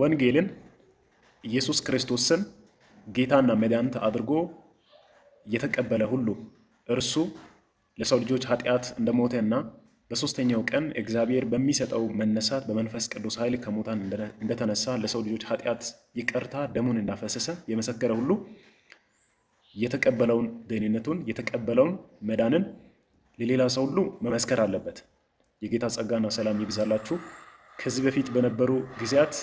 ወንጌልን ኢየሱስ ክርስቶስን ጌታና መድኃኒት አድርጎ የተቀበለ ሁሉ እርሱ ለሰው ልጆች ኃጢአት እንደሞተና በሶስተኛው ቀን እግዚአብሔር በሚሰጠው መነሳት በመንፈስ ቅዱስ ኃይል ከሙታን እንደተነሳ ለሰው ልጆች ኃጢአት ይቅርታ ደሙን እንዳፈሰሰ የመሰከረ ሁሉ የተቀበለውን ደህንነቱን የተቀበለውን መዳንን ለሌላ ሰው ሁሉ መመስከር አለበት። የጌታ ጸጋና ሰላም ይብዛላችሁ። ከዚህ በፊት በነበሩ ጊዜያት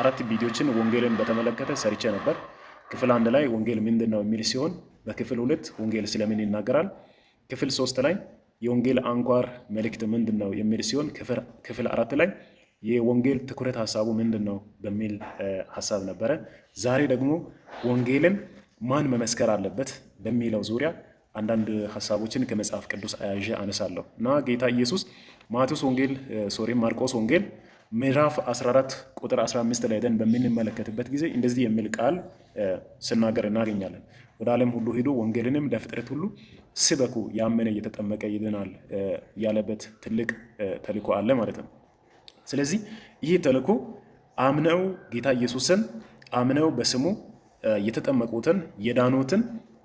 አራት ቪዲዮችን ወንጌልን በተመለከተ ሰርቼ ነበር። ክፍል አንድ ላይ ወንጌል ምንድን ነው የሚል ሲሆን በክፍል ሁለት ወንጌል ስለምን ይናገራል፣ ክፍል ሶስት ላይ የወንጌል አንኳር መልእክት ምንድን ነው የሚል ሲሆን ክፍል አራት ላይ የወንጌል ትኩረት ሀሳቡ ምንድን ነው በሚል ሀሳብ ነበረ። ዛሬ ደግሞ ወንጌልን ማን መመስከር አለበት በሚለው ዙሪያ አንዳንድ ሀሳቦችን ከመጽሐፍ ቅዱስ አያዥ አነሳለሁ እና ጌታ ኢየሱስ ማቴዎስ ወንጌል ሶሪ ማርቆስ ወንጌል ምዕራፍ 14 ቁጥር 15 ላይ ደን በምንመለከትበት ጊዜ እንደዚህ የሚል ቃል ስናገር እናገኛለን። ወደ ዓለም ሁሉ ሂዱ ወንጌልንም ለፍጥረት ሁሉ ስበኩ ያመነ እየተጠመቀ ይድናል ያለበት ትልቅ ተልኮ አለ ማለት ነው። ስለዚህ ይህ ተልኮ አምነው ጌታ ኢየሱስን አምነው በስሙ የተጠመቁትን የዳኑትን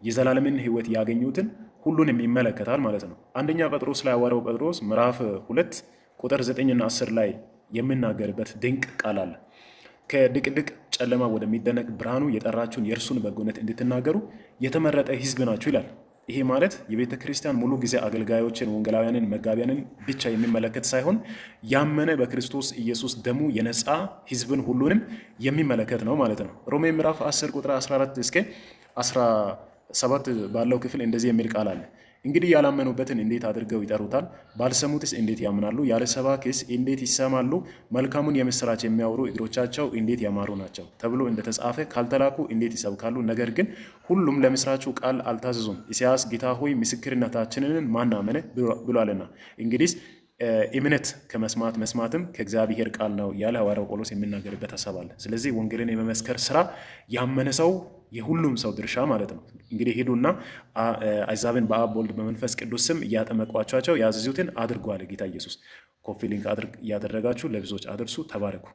የዘላለምን ህይወት ያገኙትን ሁሉንም ይመለከታል ማለት ነው። አንደኛ ጴጥሮስ ላይ ሐዋርያው ጴጥሮስ ምዕራፍ ሁለት ቁጥር ዘጠኝና አስር ላይ የምናገርበት ድንቅ ቃል አለ። ከድቅድቅ ጨለማ ወደሚደነቅ ብርሃኑ የጠራችሁን የእርሱን በጎነት እንድትናገሩ የተመረጠ ህዝብ ናችሁ ይላል። ይሄ ማለት የቤተ ክርስቲያን ሙሉ ጊዜ አገልጋዮችን፣ ወንጌላውያንን፣ መጋቢያንን ብቻ የሚመለከት ሳይሆን ያመነ በክርስቶስ ኢየሱስ ደሙ የነፃ ህዝብን ሁሉንም የሚመለከት ነው ማለት ነው። ሮሜ ምዕራፍ 10 ቁጥር 14 እስከ ሰባት ባለው ክፍል እንደዚህ የሚል ቃል አለ። እንግዲህ ያላመኑበትን እንዴት አድርገው ይጠሩታል? ባልሰሙትስ እንዴት ያምናሉ? ያለ ሰባኪስ እንዴት ይሰማሉ? መልካሙን የምስራች የሚያወሩ እግሮቻቸው እንዴት ያማሩ ናቸው ተብሎ እንደተጻፈ ካልተላኩ እንዴት ይሰብካሉ? ነገር ግን ሁሉም ለምስራቹ ቃል አልታዘዙም። ኢሳያስ ጌታ ሆይ ምስክርነታችንን ማናመነ ብሏልና። እንግዲህ እምነት ከመስማት መስማትም ከእግዚአብሔር ቃል ነው ያለ ሐዋርያው ጳውሎስ የሚናገርበት ሀሳብ አለ። ስለዚህ ወንጌልን የመመስከር ስራ ያመነ ሰው የሁሉም ሰው ድርሻ ማለት ነው። እንግዲህ ሂዱና አሕዛብን በአብ በወልድ በመንፈስ ቅዱስ ስም እያጠመቋቸቸው ያዘዙትን አድርጓል ጌታ ኢየሱስ። ኮፒ ሊንክ እያደረጋችሁ ለብዙዎች አድርሱ። ተባረኩ።